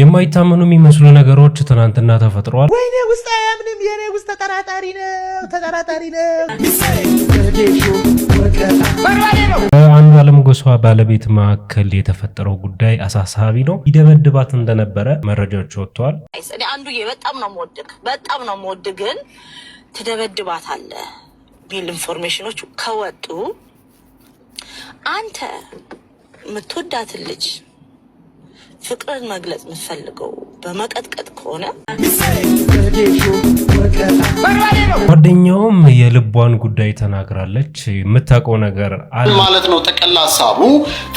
የማይታመኑ የሚመስሉ ነገሮች ትናንትና ተፈጥረዋል። ወይኔ ውስጥ አያምንም፣ የኔ ውስጥ ተጠራጣሪ ነው፣ ተጠራጣሪ ነው። አንዱ አለም ጎሳ ባለቤት መካከል የተፈጠረው ጉዳይ አሳሳቢ ነው። ይደበድባት እንደነበረ መረጃዎች ወጥተዋል። አንዱ በጣም ነው የምወድግ በጣም ነው የምወድግ፣ ግን ትደበድባት አለ ሚል ኢንፎርሜሽኖች ከወጡ አንተ የምትወዳትን ልጅ ፍቅርን መግለጽ የምትፈልገው በመቀጥቀጥ ከሆነ ጓደኛውም የልቧን ጉዳይ ተናግራለች። የምታውቀው ነገር አለ ማለት ነው። ጥቅል ሀሳቡ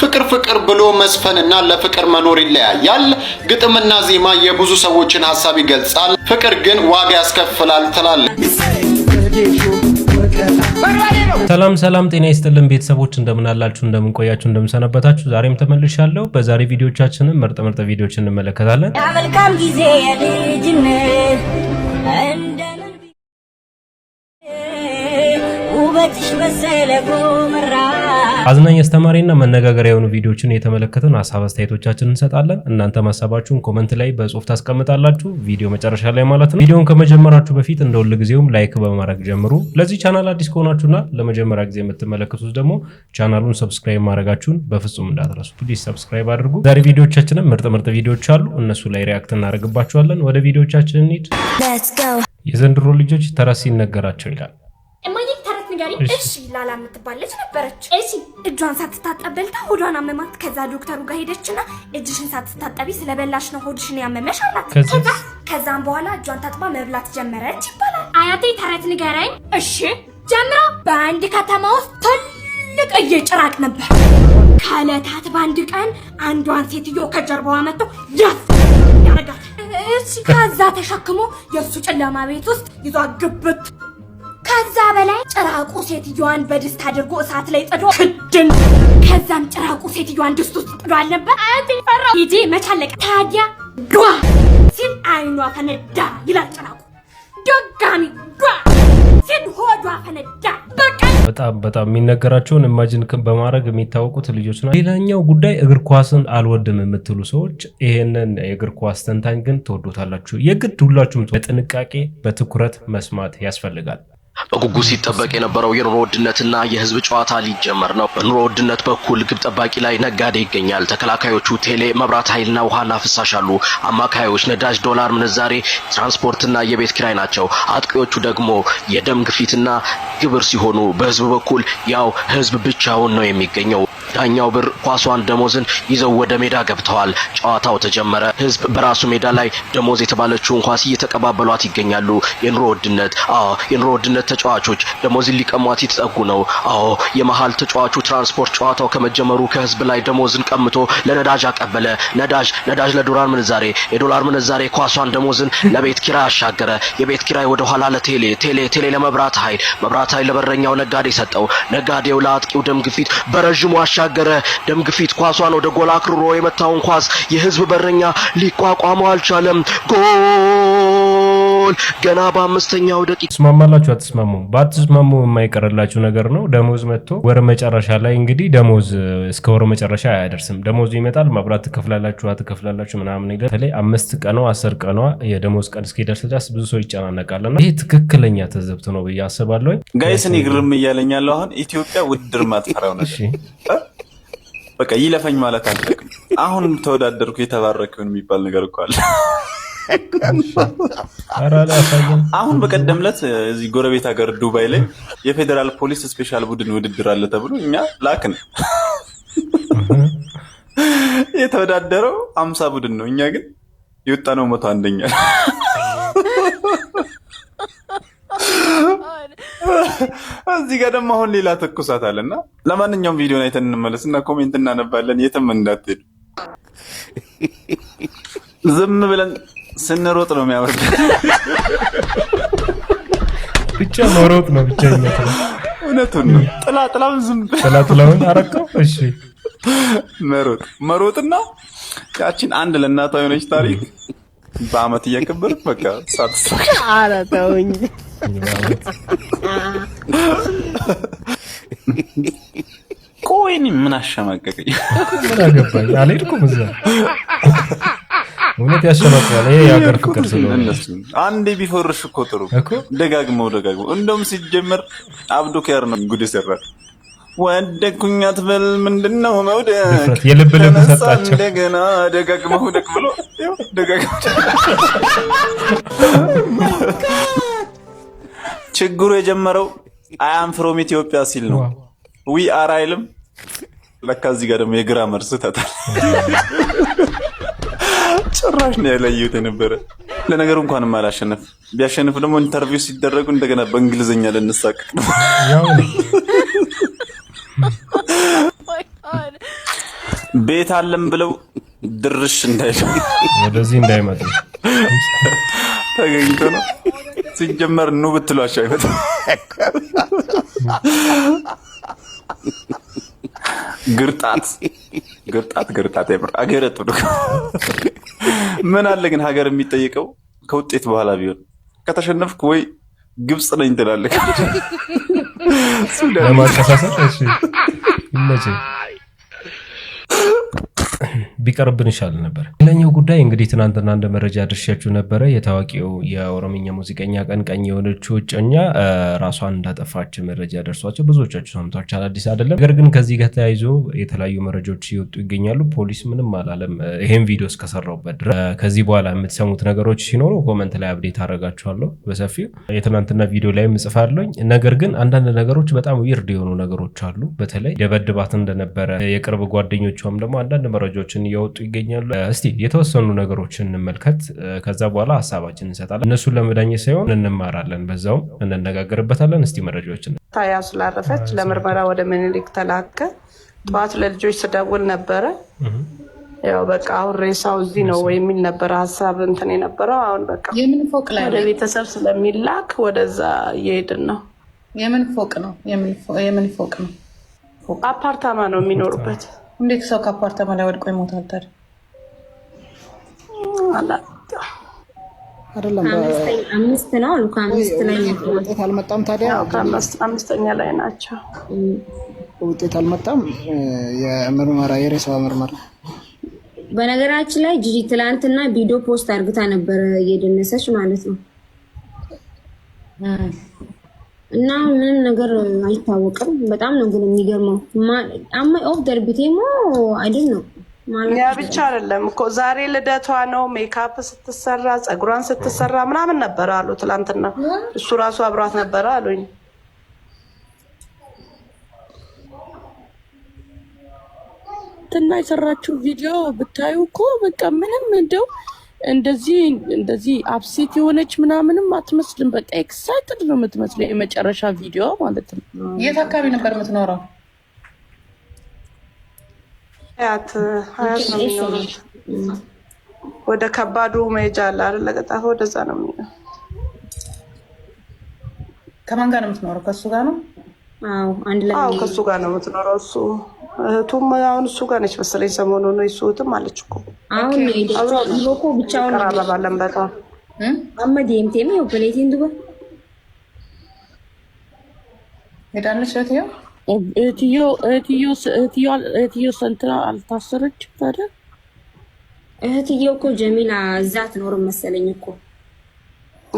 ፍቅር ፍቅር ብሎ መስፈንና ለፍቅር መኖር ይለያያል። ግጥምና ዜማ የብዙ ሰዎችን ሀሳብ ይገልጻል። ፍቅር ግን ዋጋ ያስከፍላል ትላለች። ሰላም ሰላም፣ ጤና ይስጥልን ቤተሰቦች፣ እንደምናላችሁ፣ እንደምንቆያችሁ፣ እንደምንሰነበታችሁ። ዛሬም ተመልሻለሁ። በዛሬ ቪዲዮቻችንም ምርጥ ምርጥ ቪዲዮች እንመለከታለን። መልካም ጊዜ የልጅነት እንደምን ውበትሽ መሰለ ጎመራ አዝናኝ አስተማሪና መነጋገር የሆኑ ቪዲዮዎችን የተመለከትን ሀሳብ አስተያየቶቻችን እንሰጣለን። እናንተ ሀሳባችሁን ኮመንት ላይ በጽሁፍ ታስቀምጣላችሁ፣ ቪዲዮ መጨረሻ ላይ ማለት ነው። ቪዲዮን ከመጀመራችሁ በፊት እንደ ሁል ጊዜውም ላይክ በማድረግ ጀምሩ። ለዚህ ቻናል አዲስ ከሆናችሁና ለመጀመሪያ ጊዜ የምትመለከቱት ደግሞ ቻናሉን ሰብስክራይብ ማድረጋችሁን በፍጹም እንዳትረሱ፣ ፕሊዝ ሰብስክራይብ አድርጉ። ዛሬ ቪዲዮዎቻችንም ምርጥ ምርጥ ቪዲዮዎች አሉ። እነሱ ላይ ሪያክት እናደርግባችኋለን። ወደ ቪዲዮዎቻችን እንሂድ። የዘንድሮ ልጆች ተረት ሲነገራቸው ይላል ንገሪ እሺ ላላ የምትባለች ነበረች። እሺ እጇን ሳትታጠብ በልታ ሆዷን አመማት። ከዛ ዶክተሩ ጋር ሄደችና እጅሽን ሳትታጠቢ ስለበላሽ ነው ሆድሽን ያመመሽ አላት። ከዛ ከዛም በኋላ እጇን ታጥባ መብላት ጀመረች ይባላል። አያቴ ተረት ንገረኝ። እሺ ጀምራ በአንድ ከተማ ውስጥ ትልቅ እየጭራቅ ነበር። ከዕለታት በአንድ ቀን አንዷን ሴትዮ ከጀርባዋ መጥቶ ያስ ያረጋት። እሺ ከዛ ተሸክሞ የእሱ ጨለማ ቤት ውስጥ ይዟ ግብት ከዛ በላይ ጭራቁ ሴትዮዋን በድስት አድርጎ እሳት ላይ ጥዶ ክድን። ከዛም ጭራቁ ሴትዮዋን ድስት ውስጥ ጥዶ አልነበር አያት ፈራ ሂጄ መቻለቀ ታዲያ ዷ ሲል አይኗ ፈነዳ ይላል ጭራቁ። ደጋሚ ዷ ሲል ሆዷ ፈነዳ። በጣም በጣም የሚነገራቸውን ኢማጂን በማድረግ የሚታወቁት ልጆች ናቸው። ሌላኛው ጉዳይ እግር ኳስን አልወድም የምትሉ ሰዎች ይሄንን የእግር ኳስ ተንታኝ ግን ትወዱታላችሁ። የግድ ሁላችሁም በጥንቃቄ በትኩረት መስማት ያስፈልጋል። በጉጉት ሲጠበቅ የነበረው የኑሮ ውድነትና የህዝብ ጨዋታ ሊጀመር ነው። በኑሮ ውድነት በኩል ግብ ጠባቂ ላይ ነጋዴ ይገኛል። ተከላካዮቹ ቴሌ፣ መብራት ኃይልና ውሃና ፍሳሽ አሉ። አማካዮች ነዳጅ፣ ዶላር ምንዛሬ፣ ትራንስፖርትና የቤት ኪራይ ናቸው። አጥቂዎቹ ደግሞ የደም ግፊትና ግብር ሲሆኑ፣ በህዝብ በኩል ያው ህዝብ ብቻውን ነው የሚገኘው። ዳኛው ብር ኳሷን ደሞዝን ይዘው ወደ ሜዳ ገብተዋል። ጨዋታው ተጀመረ። ህዝብ በራሱ ሜዳ ላይ ደሞዝ የተባለችውን ኳስ እየተቀባበሏት ይገኛሉ። የኑሮ ውድነት፣ አዎ የኑሮ ውድነት ተጫዋቾች ደሞዝን ሊቀሟት የተጠጉ ነው። አዎ የመሀል ተጫዋቹ ትራንስፖርት ጨዋታው ከመጀመሩ ከህዝብ ላይ ደሞዝን ቀምቶ ለነዳጅ አቀበለ። ነዳጅ ነዳጅ ለዶላር ምንዛሬ፣ የዶላር ምንዛሬ ኳሷን ደሞዝን ለቤት ኪራይ አሻገረ። የቤት ኪራይ ወደ ኋላ ለቴሌ ቴሌ ቴሌ ለመብራት ኃይል፣ መብራት ኃይል ለበረኛው ነጋዴ ሰጠው። ነጋዴው ለአጥቂው ደም ግፊት በረዥሙ አሻገረ። ተናገረ። ደም ግፊት ኳሷን ወደ ጎል አክርሮ የመታውን ኳስ የህዝብ በረኛ ሊቋቋመው አልቻለም። ጎል! ገና በአምስተኛው ደቂቃ። ትስማማላችሁ? አትስማሙም? ባትስማሙ የማይቀርላችሁ ነገር ነው። ደሞዝ መጥቶ ወር መጨረሻ ላይ እንግዲህ ደሞዝ እስከ ወር መጨረሻ አያደርስም። ደሞዙ ይመጣል። ማብራት ትከፍላላችሁ፣ አትከፍላላችሁ ምናምን ይላል። በተለይ አምስት ቀኗ አስር ቀኗ የደሞዝ ቀን እስኪደርስ ድረስ ብዙ ሰው ይጨናነቃልና ይሄ ትክክለኛ ተዘብት ነው ብዬ አስባለሁ። ጋይስ እኔ ግርም እያለኛለሁ አሁን ኢትዮጵያ ውድድር ማጥፋሪያ ሆነ በቃ ይለፈኝ ማለት አልጠቅም። አሁን ተወዳደርኩ የተባረክን የሚባል ነገር እኮ አለ። አሁን በቀደም ዕለት እዚህ ጎረቤት ሀገር ዱባይ ላይ የፌዴራል ፖሊስ ስፔሻል ቡድን ውድድር አለ ተብሎ እኛ ላክን። የተወዳደረው አምሳ ቡድን ነው፣ እኛ ግን የወጣነው መቶ አንደኛ እዚህ ጋር ደግሞ አሁን ሌላ ትኩሳት እና ለማንኛውም ቪዲዮን አይተን እንመለስና ኮሜንት እናነባለን። የትም እንዳትሄዱ። ዝም ብለን ስንሮጥ ነው የሚያወቅ ብቻ መሮጥ ነው ብቻ። እውነቱን ነው። ጥላ ጥላውን ዝም ጥላ ጥላውን አረቀው። እሺ መሮጥ መሮጥና ያችን አንድ ለእናታ የሆነች ታሪክ በአመት እያከበር በቃ ሳትሳካ። ኧረ ተውኝ። ቆይ ምን አሸማቀቀኝ? ምን አገባኝ? አልሄድኩም እዛ እውነት ያሸማቀቀኝ ይሄ የሀገር ፍቅር ስለሆነ አንዴ ቢፈርሽ እኮ ጥሩ። ደጋግመው ደጋግመው እንደውም ሲጀመር አብዶ ከያር ነው ጉድ የሰራል ወደኩኝ አትበል። ምንድን ነው መውደቅ? የልብ ልብ ሰጣቸው። እንደገና ደጋግ መውደቅ ብሎ ችግሩ የጀመረው አያም ፍሮም ኢትዮጵያ ሲል ነው። ዊ አር አይልም። ለካ እዚህ ጋር ደግሞ የግራ መርስ ተታል ጭራሽ ነው ያለየሁት የነበረ። ለነገሩ እንኳንም አላሸነፍ። ቢያሸንፍ ደግሞ ኢንተርቪው ሲደረጉ እንደገና በእንግሊዝኛ ልንሳቀቅ ነው። Oh ቤት አለም ብለው ድርሽ እንዳይ ወደዚህ እንዳይመጡ ተገኝቶ ነው። ሲጀመር ኑ ብትሏቸው አይመጡ። ግርጣት ግርጣት ግርጣት ይምር አገር ምን አለ ግን ሀገር የሚጠይቀው ከውጤት በኋላ ቢሆን ከተሸነፍክ ወይ ግብፅ ነኝ ትላለህ። ለማንቀሳሰር ይመችህ። ቢቀርብን ይሻል ነበር። ሌላኛው ጉዳይ እንግዲህ ትናንትና እንደ መረጃ ድርሻችሁ ነበረ። የታዋቂው የኦሮምኛ ሙዚቀኛ ቀንቀኝ የሆነችው እጮኛ ራሷን እንዳጠፋች መረጃ ደርሷቸው ብዙዎቻችሁ ሰምታችኋል። አዲስ አይደለም። ነገር ግን ከዚህ ጋር ተያይዞ የተለያዩ መረጃዎች እየወጡ ይገኛሉ። ፖሊስ ምንም አላለም። ይሄን ቪዲዮ እስከሰራሁበት ድረስ ከዚህ በኋላ የምትሰሙት ነገሮች ሲኖሩ ኮመንት ላይ አብዴት አደርጋችኋለሁ በሰፊው የትናንትና ቪዲዮ ላይም ምጽፋለኝ። ነገር ግን አንዳንድ ነገሮች በጣም ዊርድ የሆኑ ነገሮች አሉ። በተለይ ደበድባት እንደነበረ የቅርብ ጓደኞቿም ደግሞ አንዳንድ መረ መረጃዎችን እያወጡ ይገኛሉ። እስቲ የተወሰኑ ነገሮችን እንመልከት፣ ከዛ በኋላ ሀሳባችን እንሰጣለን። እነሱን ለመዳኘት ሳይሆን እንማራለን፣ በዛውም እንነጋገርበታለን። እስቲ መረጃዎችን ታያ ስላረፈች ለምርመራ ወደ ምኒልክ ተላከ። ጠዋት ለልጆች ስደውል ነበረ ያው በቃ አሁን ሬሳው እዚህ ነው የሚል ነበረ ሀሳብ እንትን የነበረው። አሁን በቃ ወደ ቤተሰብ ስለሚላክ ወደዛ እየሄድን ነው። የምን ፎቅ ነው? የምን ፎቅ ነው? አፓርታማ ነው የሚኖሩበት። እንዴት ሰው ከአፓርታማ ላይ ወድቆ ይሞታል ታዲያ? ነው ከአምስት ላይ አልመጣም። ታዲያ አምስተኛ ላይ ናቸው። ውጤት አልመጣም። የምርመራ የሬሳ ምርመራ። በነገራችን ላይ ጂጂ ትላንትና ቪዲዮ ፖስት አድርግታ ነበረ እየደነሰች ማለት ነው። እና ምንም ነገር አይታወቅም። በጣም ነው ግን የሚገርመው። አማይ ኦፍ ደርቢቴ ሞ አይደል ነው ያ ብቻ አይደለም እኮ ዛሬ ልደቷ ነው። ሜካፕ ስትሰራ ጸጉሯን ስትሰራ ምናምን ነበረ አሉ ትላንትና። እሱ ራሱ አብሯት ነበረ አሉኝ። ትና የሰራችው ቪዲዮ ብታዩ እኮ በቃ ምንም እንደው እንደዚህ እንደዚህ አፕሴት የሆነች ምናምንም አትመስልም። በቃ ኤክሳይትድ ነው የምትመስለው። የመጨረሻ ቪዲዮ ማለት ነው። የት አካባቢ ነበር የምትኖረው? ሀያት ሀያት ነው የሚኖረው። ወደ ከባዱ መሄጃ አለ አይደል? ለቀጣፈ ወደዛ ነው የሚሆነው። ከማን ጋር ነው የምትኖረው? ከእሱ ጋር ነው። አዎ፣ ከእሱ ጋር ነው የምትኖረው እሱ እህቱም አሁን እሱ ጋር ነች መሰለኝ ሰሞኑን ነው ይሱትም አለች እኮ እንቀራረባለን በጣም አመ ሄዳለች እህትዮ እህትዮ እህትዮ እኮ ጀሚላ እዛ አትኖርም መሰለኝ እኮ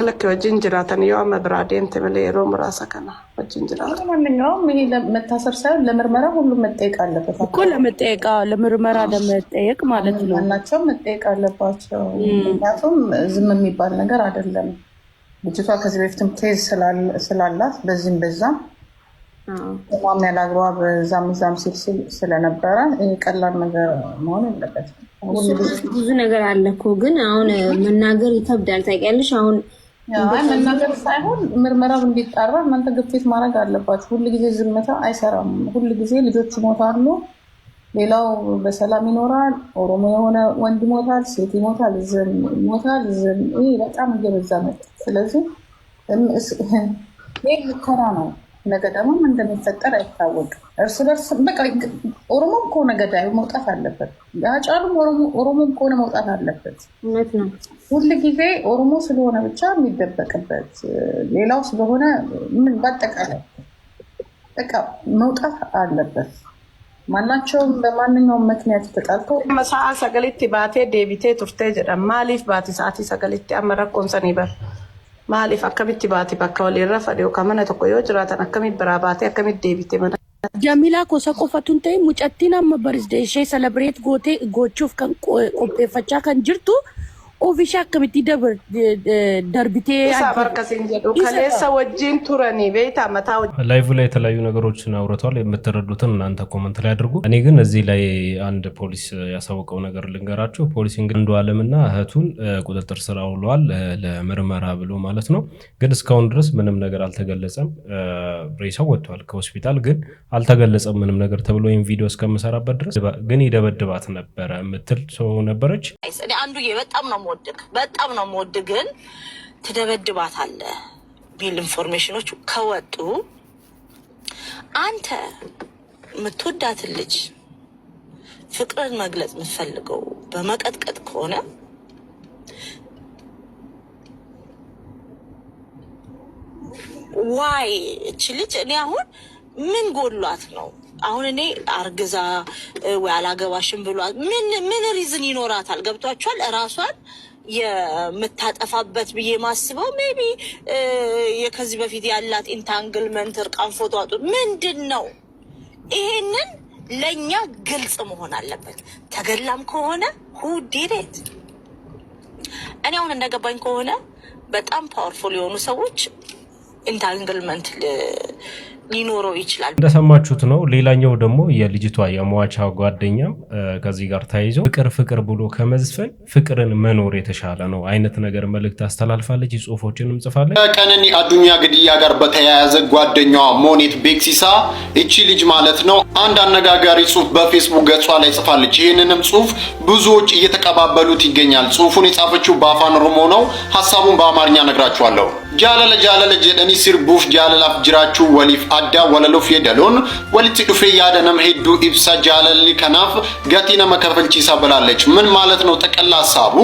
ልክ ወጅን ጅራተን የዋ መብራዴን ትምል የሮም ራሰ ከና ወጅን ጅራተን ማንኛውም ይሄ መታሰር ሳይሆን ለምርመራ ሁሉም መጠየቅ አለበት እኮ ለመጠየቅ ለምርመራ ለመጠየቅ ማለት ነው። ናቸው መጠየቅ አለባቸው። ምክንያቱም ዝም የሚባል ነገር አይደለም። ልጅቷ ከዚህ በፊትም ኬዝ ስላላት በዚህም በዛም ማም ያለ አግባብ ዛም ዛም ሲል ስለነበረ ይህ ቀላል ነገር መሆን የለበትም። ብዙ ነገር አለ እኮ ግን አሁን መናገር ይከብዳል ታውቂያለሽ አሁን መናገር ሳይሆን ምርመራው እንዲጣራ እናንተ ግፊት ማድረግ አለባችሁ። ጊዜ ዝምታ አይሰራም። ጊዜ ልጆች ይሞታሉ፣ ሌላው በሰላም ይኖራል። ኦሮሞ የሆነ ወንድ ይሞታል፣ ሴት ይሞታል፣ ዝም ይሞታል፣ ዝም። ይህ በጣም እየበዛ መጣ። ስለዚህ ይህ ሙከራ ነው። ነገ ደግሞ እንደሚፈጠር አይታወቅም። እርስ በርስ በቃ ኦሮሞም ከሆነ ገዳዩ መውጣት አለበት፣ አጫሉም ኦሮሞም ከሆነ መውጣት አለበት። እውነት ሁል ጊዜ ኦሮሞ ስለሆነ ብቻ የሚደበቅበት ሌላው ስለሆነ ምን በአጠቃላይ በቃ መውጣት አለበት። ማናቸውም በማንኛውም ምክንያት ተጣልቶ መሰዓ ሰገሊት ባቴ ዴቢቴ ቱርቴ ጀዳ ማሊፍ ባቴ ሰዓቲ ሰገሊት አመረ ይበር maaliif akkamitti baate bakka waliin rafan yookaan mana tokko yoo jiraatan akkamitti biraa baate akkamitti deebite mana. Jamilaa gosa qofatu ta'e mucattiin amma barisdee ishee salabreet gootee gochuuf kan qopheeffachaa kan jirtu ofiishaa akkamitti darbitee ላይቭ ላይ የተለያዩ ነገሮችን አውርተዋል። የምትረዱትን እናንተ ኮመንት ላይ አድርጉ። እኔ ግን እዚህ ላይ አንድ ፖሊስ ያሳወቀው ነገር ልንገራቸው። ፖሊስ እንግዲህ አንዱ አለምና እህቱን ቁጥጥር ስር አውለዋል ለምርመራ ብሎ ማለት ነው። ግን እስካሁን ድረስ ምንም ነገር አልተገለጸም። ሬሳው ወጥቷል ከሆስፒታል ግን አልተገለጸም ምንም ነገር ተብሎ ወይም ቪዲዮ እስከምሰራበት ድረስ ግን ይደበድባት ነበረ የምትል ሰው ነበረች። አንዱ በጣም ነው የምወድግ በጣም ነው የምወድግ፣ ግን ትደበድባታለህ ቢል ኢንፎርሜሽኖች ከወጡ አንተ የምትወዳትን ልጅ ፍቅርን መግለጽ የምትፈልገው በመቀጥቀጥ ከሆነ ዋይ እች ልጅ እኔ አሁን ምን ጎሏት ነው አሁን እኔ አርግዛ ወይ አላገባሽም ብሎ ምን ሪዝን ይኖራታል? ገብቷቸዋል እራሷን የምታጠፋበት ብዬ ማስበው ሜቢ ከዚህ በፊት ያላት ኢንታንግልመንት እርቃን ፎቶ አጡ ምንድን ነው? ይሄንን ለእኛ ግልጽ መሆን አለበት። ተገላም ከሆነ ሁ ዲሬት እኔ አሁን እንደገባኝ ከሆነ በጣም ፓወርፉል የሆኑ ሰዎች ኢንታንግልመንት ሊኖረው ይችላል። እንደሰማችሁት ነው። ሌላኛው ደግሞ የልጅቷ የመዋቻ ጓደኛም ከዚህ ጋር ተያይዞ ፍቅር ፍቅር ብሎ ከመዝፈን ፍቅርን መኖር የተሻለ ነው አይነት ነገር መልእክት አስተላልፋለች። ጽሁፎችንም ጽፋለች። ከቀነኒ አዱኛ ግድያ ጋር በተያያዘ ጓደኛዋ ሞኔት ቤክሲሳ እቺ ልጅ ማለት ነው አንድ አነጋጋሪ ጽሁፍ በፌስቡክ ገጿ ላይ ጽፋለች። ይህንንም ጽሁፍ ብዙዎች እየተቀባበሉት ይገኛል። ጽሁፉን የጻፈችው በአፋን ኦሮሞ ነው። ሀሳቡን በአማርኛ ነግራችኋለሁ። jaalala jaalala jedhanii sirbuuf jaalalaaf jiraachuu waliif addaa walaluuf yedaluun walitti dhufee yaada nama hedduu ibsa jaalalli kanaaf gatii nama kaፈልቺሳ ብላለች። ምን ማለት ነው? ጠቅላ ሀሳቡ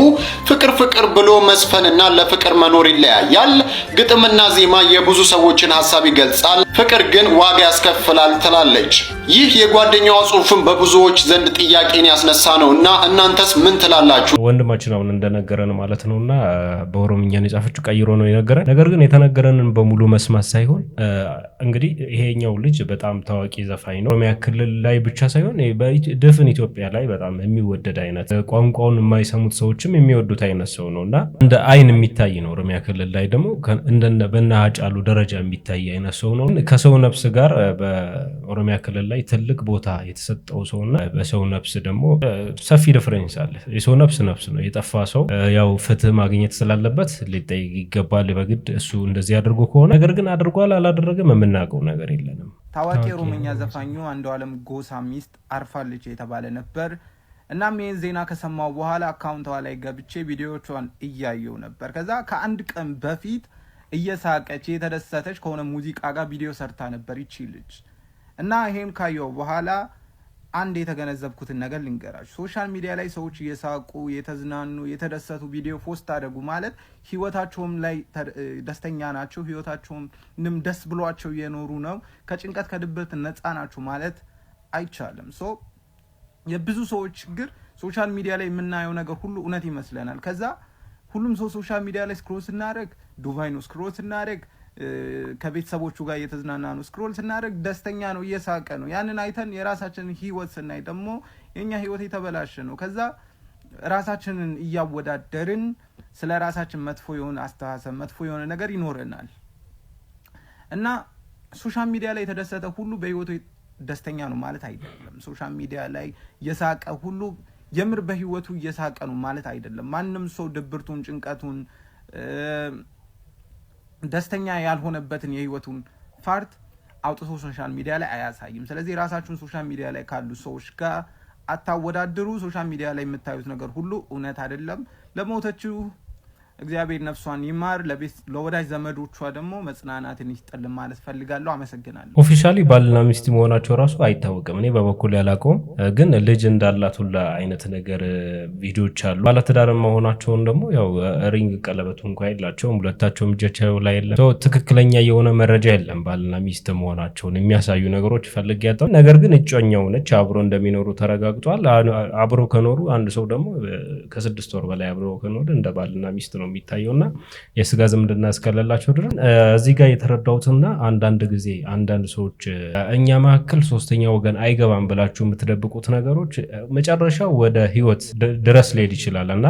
ፍቅር ፍቅር ብሎ መስፈንና ለፍቅር መኖር ይለያያል። ግጥምና ዜማ የብዙ ሰዎችን ሀሳብ ይገልጻል፣ ፍቅር ግን ዋጋ ያስከፍላል ትላለች። ይህ የጓደኛዋ ጽሑፍን በብዙዎች ዘንድ ጥያቄን ያስነሳ ነው እና እናንተስ ምን ትላላችሁ? ወንድማችን አሁን እንደነገረን ማለት ነው እና በኦሮምኛ የጻፈችው ቀይሮ ነው የነገረን ነገር ግን የተነገረንን በሙሉ መስማት ሳይሆን እንግዲህ ይሄኛው ልጅ በጣም ታዋቂ ዘፋኝ ነው። ኦሮሚያ ክልል ላይ ብቻ ሳይሆን ድፍን ኢትዮጵያ ላይ በጣም የሚወደድ አይነት ቋንቋውን የማይሰሙት ሰዎችም የሚወዱት አይነት ሰው ነው እና እንደ አይን የሚታይ ነው። ኦሮሚያ ክልል ላይ ደግሞ በእነ ሃጫሉ ደረጃ የሚታይ አይነት ሰው ነው። ከሰው ነፍስ ጋር በኦሮሚያ ክልል ላይ ትልቅ ቦታ የተሰጠው ሰውና በሰው ነፍስ ደግሞ ሰፊ ዲፍረንስ አለ። የሰው ነፍስ ነፍስ ነው። የጠፋ ሰው ያው ፍትህ ማግኘት ስላለበት ሊጠይቅ ይገባል በግድ እሱ እንደዚህ አድርጎ ከሆነ ነገር ግን አድርጓል አላደረገም የምናውቀው ነገር የለንም። ታዋቂ ሩምኛ ዘፋኙ አንዱ አለም ጎሳ ሚስት አርፋለች የተባለ ነበር። እናም ይህን ዜና ከሰማው በኋላ አካውንቷ ላይ ገብቼ ቪዲዮቿን እያየው ነበር። ከዛ ከአንድ ቀን በፊት እየሳቀች የተደሰተች ከሆነ ሙዚቃ ጋር ቪዲዮ ሰርታ ነበር ይቺ ልጅ እና ይሄም ካየው በኋላ አንድ የተገነዘብኩትን ነገር ልንገራችሁ። ሶሻል ሚዲያ ላይ ሰዎች እየሳቁ የተዝናኑ የተደሰቱ ቪዲዮ ፖስት አደጉ ማለት ህይወታቸውም ላይ ደስተኛ ናቸው፣ ህይወታቸውንም ደስ ብሏቸው እየኖሩ ነው፣ ከጭንቀት ከድብርት ነፃ ናቸው ማለት አይቻልም። ሶ የብዙ ሰዎች ችግር ሶሻል ሚዲያ ላይ የምናየው ነገር ሁሉ እውነት ይመስለናል። ከዛ ሁሉም ሰው ሶሻል ሚዲያ ላይ ስክሮ ስናደርግ ዱባይ ነው ስክሮል ስናደርግ ከቤተሰቦቹ ጋር እየተዝናና ነው። ስክሮል ስናደርግ ደስተኛ ነው፣ እየሳቀ ነው። ያንን አይተን የራሳችንን ህይወት ስናይ ደግሞ የኛ ህይወት የተበላሸ ነው። ከዛ ራሳችንን እያወዳደርን ስለ ራሳችን መጥፎ የሆነ አስተሳሰብ፣ መጥፎ የሆነ ነገር ይኖረናል እና ሶሻል ሚዲያ ላይ የተደሰተ ሁሉ በህይወቱ ደስተኛ ነው ማለት አይደለም። ሶሻል ሚዲያ ላይ የሳቀ ሁሉ የምር በህይወቱ እየሳቀ ነው ማለት አይደለም። ማንም ሰው ድብርቱን፣ ጭንቀቱን ደስተኛ ያልሆነበትን የህይወቱን ፓርት አውጥቶ ሶሻል ሚዲያ ላይ አያሳይም። ስለዚህ የራሳችሁን ሶሻል ሚዲያ ላይ ካሉ ሰዎች ጋር አታወዳድሩ። ሶሻል ሚዲያ ላይ የምታዩት ነገር ሁሉ እውነት አይደለም። ለሞተችው እግዚአብሔር ነፍሷን ይማር፣ ለወዳጅ ዘመዶቿ ደግሞ መጽናናትን ይስጠልን ማለት ፈልጋለሁ። አመሰግናለሁ። ኦፊሻሊ ባልና ሚስት መሆናቸው ራሱ አይታወቅም። እኔ በበኩል ያላቀውም ግን ልጅ እንዳላት ሁላ አይነት ነገር ቪዲዮዎች አሉ። ባለትዳር መሆናቸውን ደግሞ ያው ሪንግ ቀለበቱ እንኳ የላቸውም፣ ሁለታቸውም እጃቸው ላይ የለም። ትክክለኛ የሆነ መረጃ የለም ባልና ሚስት መሆናቸውን የሚያሳዩ ነገሮች ፈልግ ያጣው። ነገር ግን እጮኛው ነች፣ አብሮ እንደሚኖሩ ተረጋግጧል። አብሮ ከኖሩ አንድ ሰው ደግሞ ከስድስት ወር በላይ አብሮ ከኖረ እንደ ባልና ሚስት ነው ነው የሚታየው እና የስጋ ዝምድና እስከሌላቸው ድረስ እዚህ ጋር የተረዳሁትና አንዳንድ ጊዜ አንዳንድ ሰዎች እኛ መካከል ሶስተኛ ወገን አይገባም ብላችሁ የምትደብቁት ነገሮች መጨረሻ ወደ ህይወት ድረስ ሊሄድ ይችላል እና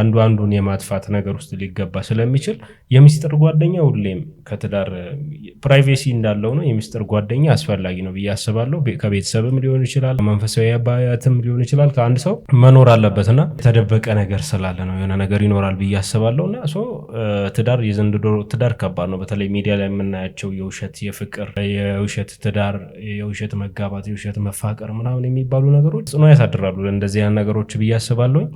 አንዱ አንዱን የማጥፋት ነገር ውስጥ ሊገባ ስለሚችል የሚስጥር ጓደኛ ሁሌም ከትዳር ፕራይቬሲ እንዳለው ነው የሚስጥር ጓደኛ አስፈላጊ ነው ብዬ አስባለሁ። ከቤተሰብም ሊሆን ይችላል፣ መንፈሳዊ አባያትም ሊሆን ይችላል። ከአንድ ሰው መኖር አለበትና የተደበቀ ነገር ስላለ ነው የሆነ ነገር ይኖራል ብዬ አስባለሁ እና ትዳር የዘንድሮ ትዳር ከባድ ነው። በተለይ ሚዲያ ላይ የምናያቸው የውሸት የፍቅር፣ የውሸት ትዳር፣ የውሸት መጋባት፣ የውሸት መፋቀር ምናምን የሚባሉ ነገሮች ጽኖ ያሳድራሉ እንደዚህ ነገሮች ብዬ አስባለሁኝ።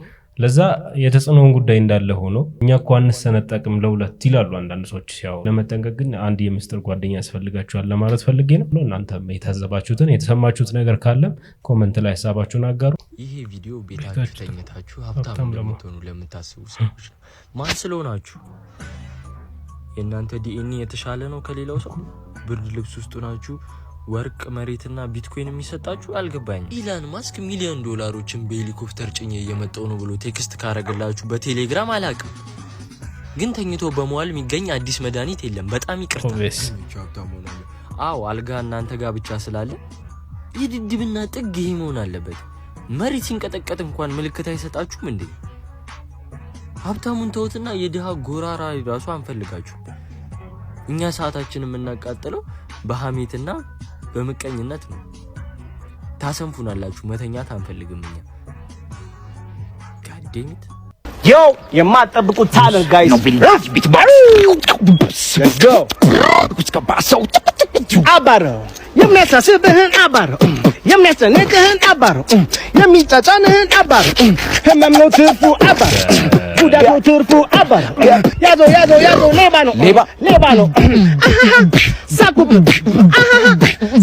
ለዛ የተጽዕኖውን ጉዳይ እንዳለ ሆኖ እኛ እኮ አንሰነጠቅም ለሁለት ይላሉ አንዳንድ ሰዎች ሲያው ለመጠንቀቅ ግን አንድ የምስጢር ጓደኛ ያስፈልጋችኋል ለማለት ፈልጌ ነው። እናንተ የታዘባችሁትን የተሰማችሁት ነገር ካለም ኮመንት ላይ ሀሳባችሁን አጋሩ። ይሄ ቪዲዮ ቤታችሁ ተኝታችሁ ሀብታም ለምትሆኑ ለምታስቡ ሰዎች ነው። ማን ስለሆናችሁ የእናንተ ዲኤንኤ የተሻለ ነው ከሌላው ሰው ብርድ ልብስ ውስጡ ናችሁ ወርቅ መሬትና ቢትኮይን የሚሰጣችሁ አልገባኝም። ኢላን ማስክ ሚሊዮን ዶላሮችን በሄሊኮፕተር ጭኜ እየመጣው ነው ብሎ ቴክስት ካረገላችሁ በቴሌግራም አላቅም፣ ግን ተኝቶ በመዋል የሚገኝ አዲስ መድኃኒት የለም። በጣም ይቅርታ። አዎ አልጋ እናንተ ጋር ብቻ ስላለ የድድብና ጥግ ይሄ መሆን አለበት። መሬት ሲንቀጠቀጥ እንኳን ምልክት አይሰጣችሁም እንዴ? ሀብታሙን ተውትና የድሃ ጎራራ ራሱ አንፈልጋችሁ። እኛ ሰዓታችን የምናቃጥለው በሀሜትና በምቀኝነት ነው። ታሰንፉናላችሁ። መተኛት አንፈልግም እኛ ጋዴሚት ያው የማጠብቁት ታለንት ጋይስ አባረው የሚያሳስብህን አባረው የሚያስጨንቅህን አባረው የሚጫጫንህን አባረው ህመም ነው ትፉ አባረው ጉዳቱ ትርፉ አባራ ያዘው ያዘው ያዘው። ሌባ ነው ሌባ ሌባ ነው። ሳቁብ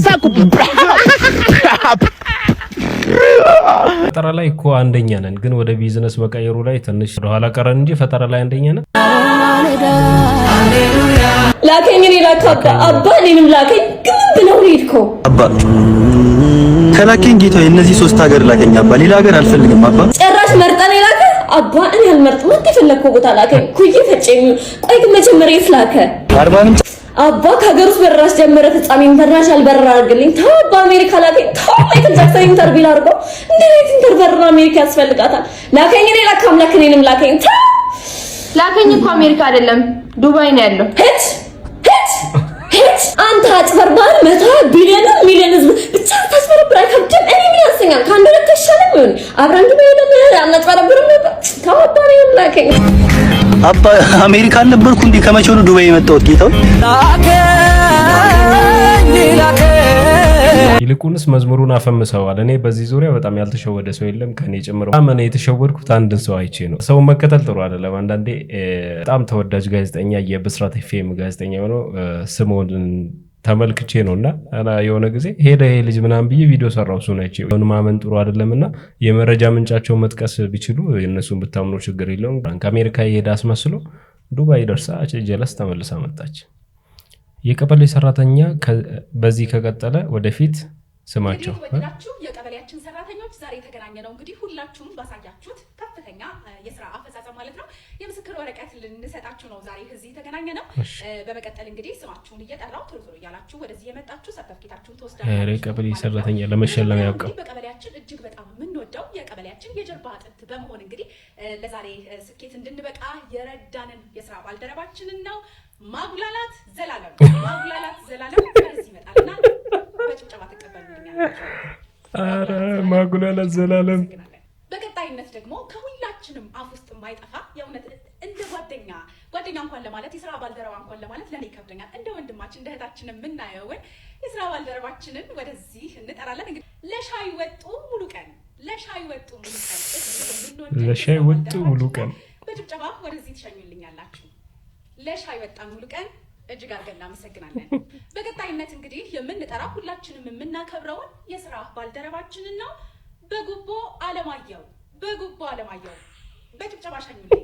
ሳቁብ ፈጠራ ላይ እኮ አንደኛ ነን፣ ግን ወደ ቢዝነስ መቀየሩ ላይ ትንሽ ወደኋላ ቀረን እንጂ ፈጠራ ላይ አንደኛ ነን። ላከኝ እኔ ላከ አባ አባ እኔንም ላከኝ። ግብ ነው ሄድከው አባ ከላከኝ ጌታዬ፣ እነዚህ ሶስት ሀገር ላከኝ አባ፣ ሌላ ሀገር አልፈልግም አባ። ጭራሽ መርጠን ላከ አባ እኔ አልመርጥም። አንተ የፈለግከው ቦታ ላከ ኩይ ፈጨኝ። ቆይ ግን መጀመሪያ የት ላከ? አባ ከሀገር ውስጥ በረራስ ጀመረ። ፍጻሜ ኢንተርናሽናል በረራ አድርግልኝ። ተው አባ አሜሪካ ላከኝ። ተው ማይክል ጃክሰን ኢንተርቪው አድርገው። እንደ ኢንተርቪው አሜሪካ ያስፈልጋታል። ላከኝ። እኔ ላካ አምላክ እኔንም ላከኝ። ተው ላከኝ እኮ አሜሪካ አይደለም ዱባይ ነው ያለው። ሂድ ሄድ አንተ አጭበርባሪ መቶ ቢሊዮን ሚሊዮን ህዝብ ብቻ ታጭበረብር አይከብድም። እኔ ምን ያሰኛል? ከአንድ ሁለት አይሻልም? ይሁን አብረን ግን ይለም አናጭበረብርም ነበር። ታወባሪ ላከኝ አባ አሜሪካን አልነበርኩ እንዴ? ከመቼ ነው ዱባይ የመጣሁት ጌታው ይልቁንስ መዝሙሩን አፈምሰዋል። እኔ በዚህ ዙሪያ በጣም ያልተሸወደ ሰው የለም ከኔ ጭምር። እኔ የተሸወድኩት አንድን ሰው አይቼ ነው። ሰውን መከተል ጥሩ አይደለም። አንዳንዴ በጣም ተወዳጅ ጋዜጠኛ የብስራት ኤፍኤም ጋዜጠኛ የሆነው ስምኦን ተመልክቼ ነው እና የሆነ ጊዜ ሄደ ይሄ ልጅ ምናምን ብዬ ቪዲዮ ሰራው። እሱን አይቼ ሆን ማመን ጥሩ አይደለም እና የመረጃ ምንጫቸው መጥቀስ ቢችሉ እነሱን ብታምኖ ችግር የለውም። ከአሜሪካ የሄደ አስመስሎ ዱባይ ደርሳ ጀለስ ተመልሳ መጣች። የቀበሌ ሰራተኛ በዚህ ከቀጠለ ወደፊት ስማቸው ዛሬ የተገናኘ ነው እንግዲህ ሁላችሁም ባሳያችሁት ከፍተኛ የስራ አፈጻጸም ማለት ነው የምስክር ወረቀት ልንሰጣችሁ ነው ዛሬ እዚህ የተገናኘ ነው። በመቀጠል እንግዲህ ስማችሁን እየጠራው ቶሎ ቶሎ እያላችሁ ወደዚህ የመጣችሁ ሰርተፍኬታችሁን ትወስዳላችሁ። ቀበሌ ሰራተኛ ለመሸለም ያውቀው በቀበሌያችን እጅግ በጣም የምንወደው የቀበሌያችን የጀርባ አጥንት በመሆን እንግዲህ ለዛሬ ስኬት እንድንበቃ የረዳንን የስራ ባልደረባችንን ነው። ማጉላላት ዘላለም ማጉላላት ዘላለም ከዚህ ይመጣልና በጭብጨባ ተቀበሉ። አረ ማጉላላ ዘላለም። በቀጣይነት ደግሞ ከሁላችንም አፍ ውስጥ የማይጠፋ የእውነት እንደ ጓደኛ ጓደኛ እንኳን ለማለት የስራ ባልደረባ እንኳን ለማለት ለእኔ ይከብደኛል። እንደ ወንድማችን እንደ እህታችን የምናየውን የስራ ባልደረባችንን ወደዚህ እንጠራለን። እንግዲህ ለሻይ ወጡ ሙሉ ቀን ለሻይ ወጡ ሙሉ ቀን ለሻይ ወጡ ሙሉ ቀን በጭብጨባ ወደዚህ ትሸኙልኛላችሁ። ለሻይ ወጣ ሙሉ ቀን እጅግ አድርገን እናመሰግናለን። በቀጣይነት እንግዲህ የምንጠራ ሁላችንም የምናከብረውን የስራ ባልደረባችንን ነው። በጉቦ አለማየሁ፣ በጉቦ አለማየሁ በጭብጨባ ላይ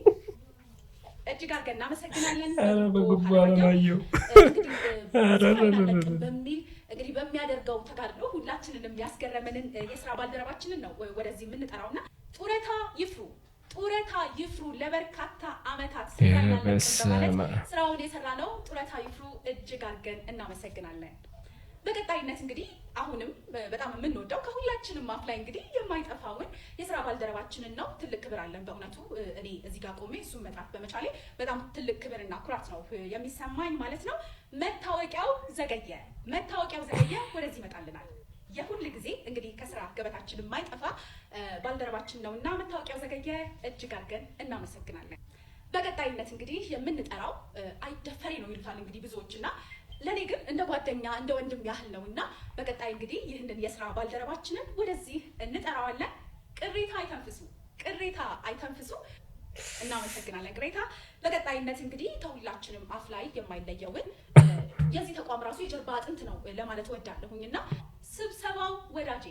እጅግ አድርገን እናመሰግናለን። በጉቦ አለማየሁ በሚል እንግዲህ በሚያደርገው ተጋድሎ ሁላችንንም ያስገረመንን የስራ ባልደረባችንን ነው ወደዚህ የምንጠራውና ጡረታ ይፍሩ ጡረታ ይፍሩ ለበርካታ አመታት ስራውን የሰራ ነው። ጡረታ ይፍሩ እጅግ አድርገን እናመሰግናለን። በቀጣይነት እንግዲህ አሁንም በጣም የምንወደው ከሁላችንም አፍ ላይ እንግዲህ የማይጠፋውን የስራ ባልደረባችንን ነው። ትልቅ ክብር አለን። በእውነቱ እኔ እዚህ ጋር ቆሜ እሱን መጥራት በመቻሌ በጣም ትልቅ ክብርና ኩራት ነው የሚሰማኝ ማለት ነው። መታወቂያው ዘገየ፣ መታወቂያው ዘገየ ወደዚህ ይመጣልናል። የሁል ጊዜ እንግዲህ ከስራ ገበታችን የማይጠፋ ባልደረባችን ነው እና መታወቂያው ዘገየ እጅግ አድርገን እናመሰግናለን። በቀጣይነት እንግዲህ የምንጠራው አይደፈሬ ነው ይሉታል እንግዲህ ብዙዎች እና ለእኔ ግን እንደ ጓደኛ እንደ ወንድም ያህል ነው እና በቀጣይ እንግዲህ ይህንን የስራ ባልደረባችንን ወደዚህ እንጠራዋለን። ቅሬታ አይተንፍሱ፣ ቅሬታ አይተንፍሱ። እናመሰግናለን ቅሬታ። በቀጣይነት እንግዲህ ተሁላችንም አፍ ላይ የማይለየውን የዚህ ተቋም ራሱ የጀርባ አጥንት ነው ለማለት ወዳለሁኝ እና ስብሰባው ወዳጄ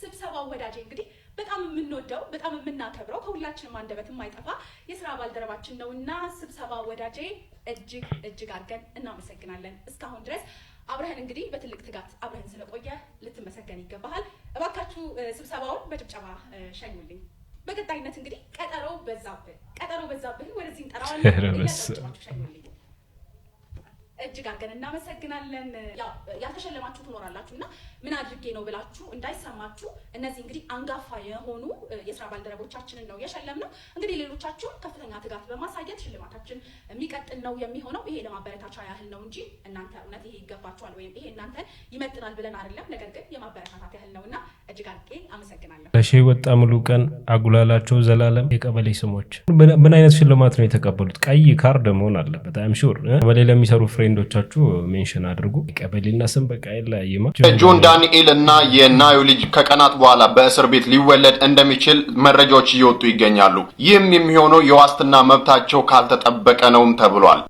ስብሰባው ወዳጄ እንግዲህ በጣም የምንወደው በጣም የምናከብረው ከሁላችንም አንደበት የማይጠፋ የስራ ባልደረባችን ነው እና ስብሰባ ወዳጄ እጅግ እጅግ አድርገን እናመሰግናለን። እስካሁን ድረስ አብረህን እንግዲህ በትልቅ ትጋት አብረህን ስለቆየ ልትመሰገን ይገባሃል። እባካችሁ ስብሰባውን በጭብጨባ ሸኙልኝ። በቀጣይነት እንግዲህ ቀጠሮ በዛብህ ቀጠሮ በዛብህን ወደዚህ እንጠራዋለን። ሸኙልኝ እጅግ አድርገን እናመሰግናለን። ያልተሸለማችሁ ትኖራላችሁ እና ምን አድርጌ ነው ብላችሁ እንዳይሰማችሁ፣ እነዚህ እንግዲህ አንጋፋ የሆኑ የስራ ባልደረቦቻችንን ነው የሸለም ነው። እንግዲህ ሌሎቻችሁም ከፍተኛ ትጋት በማሳየት ሽልማታችን የሚቀጥል ነው የሚሆነው። ይሄ ለማበረታቻ ያህል ነው እንጂ እናንተ እውነት ይሄ ይገባችኋል ወይም ይሄ እናንተ ይመጥናል ብለን አይደለም። ነገር ግን የማበረታታት ያህል ነው እና እጅግ አድርጌ አመሰግናለሁ። እሺ፣ ወጣ ሙሉ ቀን አጉላላቸው ዘላለም የቀበሌ ስሞች ምን አይነት ሽልማት ነው የተቀበሉት? ቀይ ካርድ መሆን አለበት። በጣም ሹር ቀበሌ ለሚሰሩ ፍሬ ፍሬንዶቻችሁ ሜንሽን አድርጉ። ቀበሌና ስም በቃ የለያይማ። ጆን ዳንኤል እና የናዮ ልጅ ከቀናት በኋላ በእስር ቤት ሊወለድ እንደሚችል መረጃዎች እየወጡ ይገኛሉ። ይህም የሚሆነው የዋስትና መብታቸው ካልተጠበቀ ነውም ተብሏል።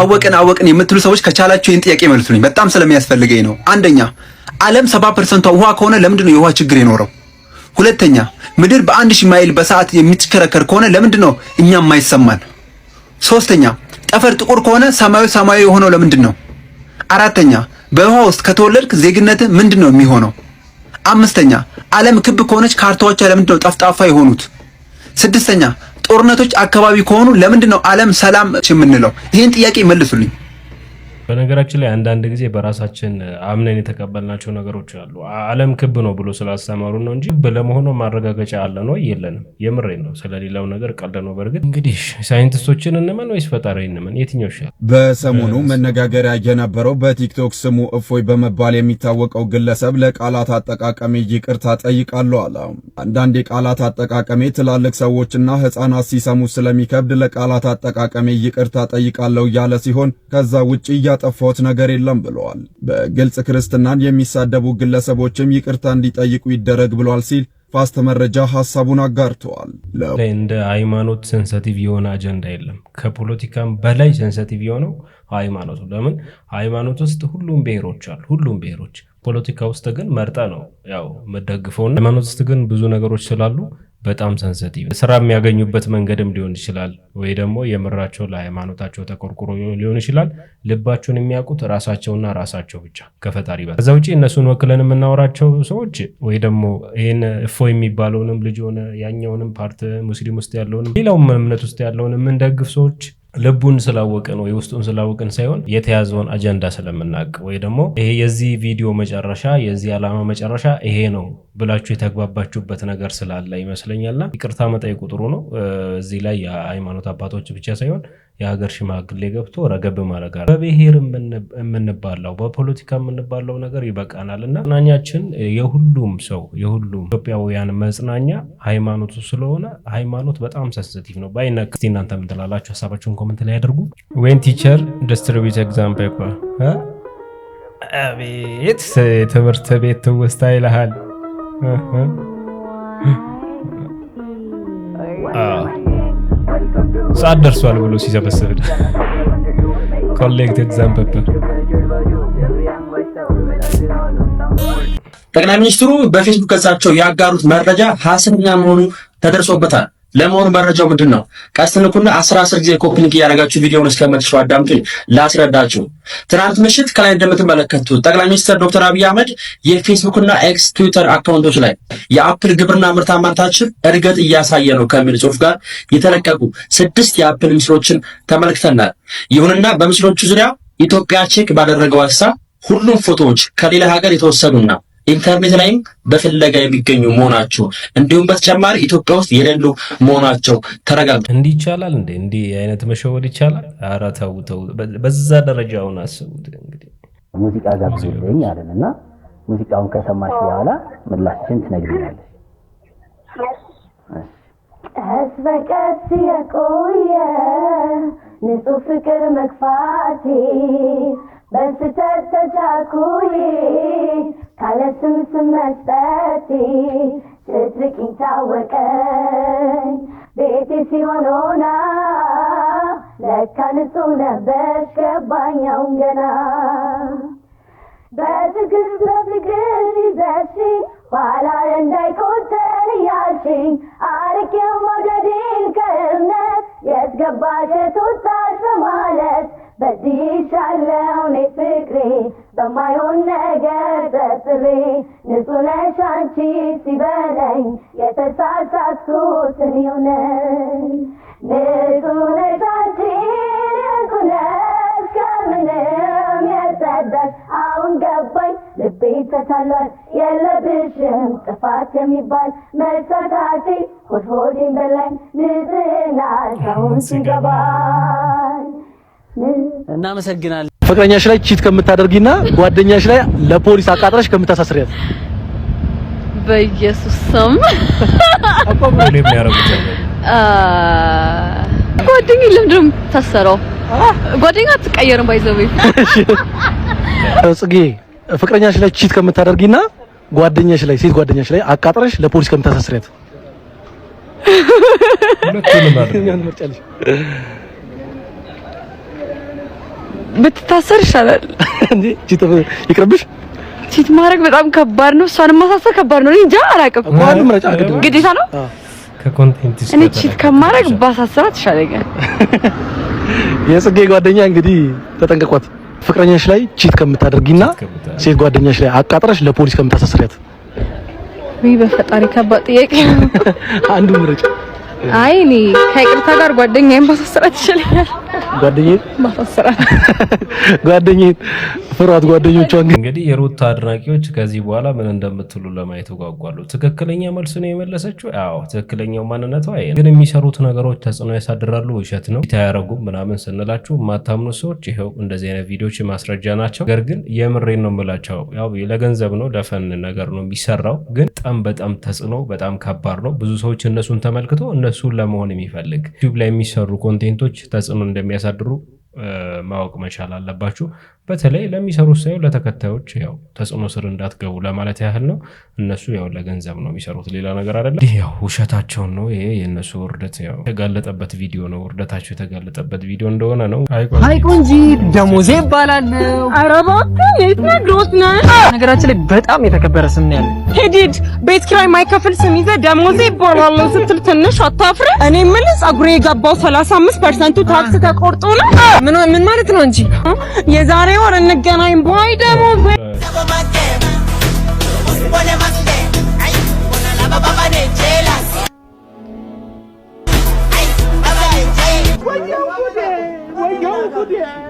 አወቅን አወቅን የምትሉ ሰዎች ከቻላችሁ ይህን ጥያቄ መልሱልኝ፣ በጣም ስለሚያስፈልገኝ ነው። አንደኛ ዓለም ሰባ ፐርሰንቷ ውሃ ከሆነ ለምንድን ነው የውሃ ችግር የኖረው? ሁለተኛ ምድር በአንድ ሺህ ማይል በሰዓት የሚሽከረከር ከሆነ ለምንድን ነው እኛም ማይሰማን? ሶስተኛ ጠፈር ጥቁር ከሆነ ሰማዩ ሰማዩ የሆነው ለምንድን ነው? አራተኛ በውሃ ውስጥ ከተወለድክ ዜግነት ምንድን ነው የሚሆነው? አምስተኛ ዓለም ክብ ከሆነች ካርታዎቿ ለምንድን ነው ጠፍጣፋ የሆኑት? ስድስተኛ ጦርነቶች አካባቢ ከሆኑ ለምንድን ነው ዓለም ሰላም የምንለው? ይህን ጥያቄ መልሱልኝ። በነገራችን ላይ አንዳንድ ጊዜ በራሳችን አምነን የተቀበልናቸው ነገሮች አሉ። ዓለም ክብ ነው ብሎ ስላስተማሩ ነው እንጂ ክብ ለመሆኑ ማረጋገጫ አለ ነው የለንም። የምሬ ነው። ስለሌላው ነገር ቀልድ ነው። በእርግጥ እንግዲህ ሳይንቲስቶችን እንመን ወይስ ፈጣሪ እንመን? የትኛው ይሻላል? በሰሞኑ መነጋገሪያ የነበረው በቲክቶክ ስሙ እፎይ በመባል የሚታወቀው ግለሰብ ለቃላት አጠቃቀሜ ይቅርታ ጠይቃለሁ አለ። አንዳንድ የቃላት አጠቃቀሜ ትላልቅ ሰዎችና ህፃናት ሲሰሙ ስለሚከብድ ለቃላት አጠቃቀሜ ይቅርታ ጠይቃለሁ ያለ ሲሆን ከዛ ውጭ እያ ያጠፋሁት ነገር የለም ብለዋል። በግልጽ ክርስትናን የሚሳደቡ ግለሰቦችም ይቅርታ እንዲጠይቁ ይደረግ ብለዋል ሲል ፋስት መረጃ ሀሳቡን አጋርተዋል። እንደ ሃይማኖት ሴንሰቲቭ የሆነ አጀንዳ የለም። ከፖለቲካም በላይ ሴንሰቲቭ የሆነው ሃይማኖቱ። ለምን ሃይማኖት ውስጥ ሁሉም ብሔሮች አሉ። ሁሉም ብሔሮች ፖለቲካ ውስጥ ግን መርጠ ነው ያው መደግፈውና ሃይማኖት ውስጥ ግን ብዙ ነገሮች ስላሉ በጣም ሰንሰቲቭ ስራ የሚያገኙበት መንገድም ሊሆን ይችላል፣ ወይ ደግሞ የምራቸው ለሃይማኖታቸው ተቆርቁሮ ሊሆን ይችላል። ልባቸውን የሚያውቁት ራሳቸውና ራሳቸው ብቻ ከፈጣሪ በ ከዛ ውጭ እነሱን ወክለን የምናወራቸው ሰዎች ወይ ደግሞ ይህን እፎ የሚባለውንም ልጅ ሆነ ያኛውንም ፓርት ሙስሊም ውስጥ ያለውንም ሌላውም እምነት ውስጥ ያለውን የምንደግፍ ሰዎች ልቡን ስላወቅን ወይ ውስጡን ስላወቅን ሳይሆን የተያዘውን አጀንዳ ስለምናውቅ ወይ ደግሞ ይሄ የዚህ ቪዲዮ መጨረሻ የዚህ ዓላማ መጨረሻ ይሄ ነው ብላችሁ የተግባባችሁበት ነገር ስላለ ይመስለኛልና ይቅርታ መጠየቁ ጥሩ ነው። እዚህ ላይ የሃይማኖት አባቶች ብቻ ሳይሆን የሀገር ሽማግሌ ገብቶ ረገብ ማድረግ አለ። በብሔር የምንባለው በፖለቲካ የምንባለው ነገር ይበቃናል እና መጽናኛችን የሁሉም ሰው የሁሉም ኢትዮጵያውያን መጽናኛ ሃይማኖቱ ስለሆነ ሃይማኖት በጣም ሰንስቲቭ ነው ባይነካ። ክስቲ እናንተ ምን ትላላችሁ? ሀሳባችሁን ኮመንት ላይ ያደርጉ። ወይን ቲቸር ዲስትሪቢዩት ኤግዛም ፔፐር አቤት ትምህርት ቤት ትውስታ ይልሃል። ሰዓት ደርሷል ብሎ ሲሰበስብ ኮሌክትድ ኤግዛምፕል ጠቅላይ ሚኒስትሩ በፌስቡክ ገጻቸው ያጋሩት መረጃ ሀሰተኛ መሆኑ ተደርሶበታል። ለመሆኑ መረጃው ምንድን ነው? 11 አስራ አስር ጊዜ ኮፕሊንክ እያደረጋችሁ ቪዲዮውን እስከመጨረሻው አዳምጡኝ ላስረዳችሁ። ትናንት ምሽት ከላይ እንደምትመለከቱት ጠቅላይ ሚኒስትር ዶክተር አብይ አህመድ የፌስቡክና ኤክስ ትዊተር አካውንቶች ላይ የአፕል ግብርና ምርታማነታችን እድገት እያሳየ ነው ከሚል ጽሑፍ ጋር የተለቀቁ ስድስት የአፕል ምስሎችን ተመልክተናል። ይሁንና በምስሎቹ ዙሪያ ኢትዮጵያ ቼክ ባደረገው አሳ ሁሉም ፎቶዎች ከሌላ ሀገር የተወሰዱና ኢንተርኔት ላይም በፍለጋ የሚገኙ መሆናቸው እንዲሁም በተጨማሪ ኢትዮጵያ ውስጥ የሌሉ መሆናቸው ተረጋግጧል። እንዲህ ይቻላል እንዴ? እንዲህ አይነት መሸወድ ይቻላል? ኧረ ተው ተው፣ በዛ ደረጃውን አስቡት። እንግዲህ ሙዚቃ ጋብዙልኝ አለን እና ሙዚቃውን ከሰማሽ በኋላ ምላሽን ትነግሪኛለሽ። ቀስ በቀስ የቆየ ንጹህ ፍቅር መግፋቴ በስተት ተቻኩይ ካለ ስም ስም መስጠቴ ስትርቂኝ ቤቴ ሲሆን ሆና ለካ ንጹህ ነበርሽ ገባኛውን ገና በትዕግስት በፍቅር ይዘሽኝ ኋላ እንዳይቆጠር እያልሽኝ አርቄው መውደዴን ከእምነት የት ገባሽ የት በማለት በዚህ ሻለው እኔ ፍቅሬ በማይሆን ነገር ተጥሬ ንጹህ ነሽ አንቺ ሲበለኝ የተሳሳትኩት እኔው ነኝ። ንጹህ ነሽ አንቺ ንጹህ ነሽ ከምንም የጸዳሽ አሁን ገባኝ ልቤ ተታሏል የለብሽም ጥፋት የሚባል መሳሳቴ ሆድ ሆዴን በላኝ ንጽህናሽ አሁን ሲገባል እናመሰግናለን። ፍቅረኛሽ ላይ ቺት ከምታደርጊና ጓደኛሽ ላይ ለፖሊስ አቃጥረሽ ከምታሳስሪያት በኢየሱስ ስም ጓደኛ ለምንድን ነው ጓደኛ አትቀየርም። ባይዘው ጽጌ ፍቅረኛሽ ላይ ቺት ከምታደርጊና ጓደኛሽ ላይ ሴት ጓደኛሽ ላይ አቃጥረሽ ለፖሊስ ከምታሳስሪያት ብትታሰር ይሻላል። እንዴ ቺት ይቅርብሽ። ቺት ማድረግ በጣም ከባድ ነው። እሷንም ማሳሰር ከባድ ነው። እንጃ አላውቅም። ግዴታ ነው። እኔ ቺት ከማድረግ ባሳሰራት ይሻለኛል። የጽጌ ጓደኛ እንግዲህ ተጠንቀቋት። ፍቅረኛሽ ላይ ቺት ከምታደርጊና ሴት ጓደኛሽ ላይ አቃጥረሽ ለፖሊስ ከምታሳስሪያት። ወይ በፈጣሪ ከባድ ጥያቄ። አንዱ ምርጫ አይ እኔ ከይቅርታ ጋር ጓደኛዬን ማሳሰራት ይችላል። ጓደኛዬን ማሳሰራት ጓደኛዬን ፍርሃት ጓደኞቿ እንግዲህ የሩታ አድናቂዎች ከዚህ በኋላ ምን እንደምትሉ ለማየት ጓጓሉ። ትክክለኛ መልስ ነው የመለሰችው። አዎ ትክክለኛው ማንነቷ ይሄ ነው። ግን የሚሰሩት ነገሮች ተጽዕኖ ያሳድራሉ፣ ውሸት ነው፣ ታያረጉም ምናምን ስንላችሁ የማታምኑ ሰዎች ይኸው እንደዚህ አይነት ቪዲዮዎች ማስረጃ ናቸው። ነገር ግን የምሬን ነው የምላቸው፣ ያው ለገንዘብ ነው ለፈን ነገር ነው የሚሰራው። ግን በጣም በጣም ተጽዕኖ በጣም ከባድ ነው። ብዙ ሰዎች እነሱን ተመልክቶ እነሱን ለመሆን የሚፈልግ ዩቲዩብ ላይ የሚሰሩ ኮንቴንቶች ተጽዕኖ እንደሚያሳድሩ ማወቅ መቻል አለባችሁ። በተለይ ለሚሰሩት ሳይሆን ለተከታዮች ያው ተጽዕኖ ስር እንዳትገቡ ለማለት ያህል ነው። እነሱ ያው ለገንዘብ ነው የሚሰሩት፣ ሌላ ነገር አይደለም። ይህ ያው ውሸታቸውን ነው። ይሄ የእነሱ ውርደት የተጋለጠበት ቪዲዮ ነው። ውርደታቸው የተጋለጠበት ቪዲዮ እንደሆነ ነው። አይቆ እንጂ ደሞዜ ይባላል። አረባ ድሮት ነ ነገራችን ላይ በጣም የተከበረ ስም ነው ያለ ሄዲድ ቤት ኪራይ ማይከፍል ስም ይዘህ ደሞዜ ይባላል ስትል ትንሽ አታፍረ? እኔ የምልህ ጸጉሬ የገባው 35 ፐርሰንቱ ታክስ ተቆርጦ ነው ምን ማለት ነው እንጂ የዛሬ ወር እንገናኝ ባይ ደግሞ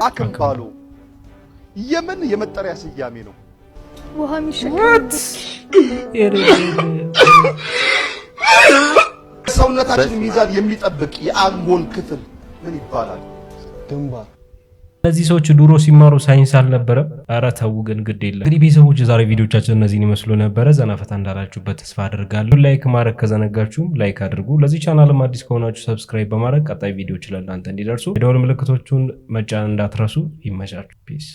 አክንካሉ የምን የመጠሪያ ስያሜ ነው? ውሃ የሚሸከም ሰውነታችን ሚዛን የሚጠብቅ የአንጎል ክፍል ምን ይባላል? ግንባር እነዚህ ሰዎች ድሮ ሲማሩ ሳይንስ አልነበረም። ኧረ ተው ግን ግድ የለም። እንግዲህ ቤተሰቦች የዛሬ ቪዲዮቻችን እነዚህን ይመስሉ ነበረ። ዘና ፈታ እንዳላችሁበት ተስፋ አድርጋለሁ። ላይክ ማድረግ ከዘነጋችሁም ላይክ አድርጉ። ለዚህ ቻናልም አዲስ ከሆናችሁ ሰብስክራይብ በማድረግ ቀጣይ ቪዲዮች ለእናንተ እንዲደርሱ የደወል ምልክቶቹን መጫን እንዳትረሱ። ይመቻችሁ። ፒስ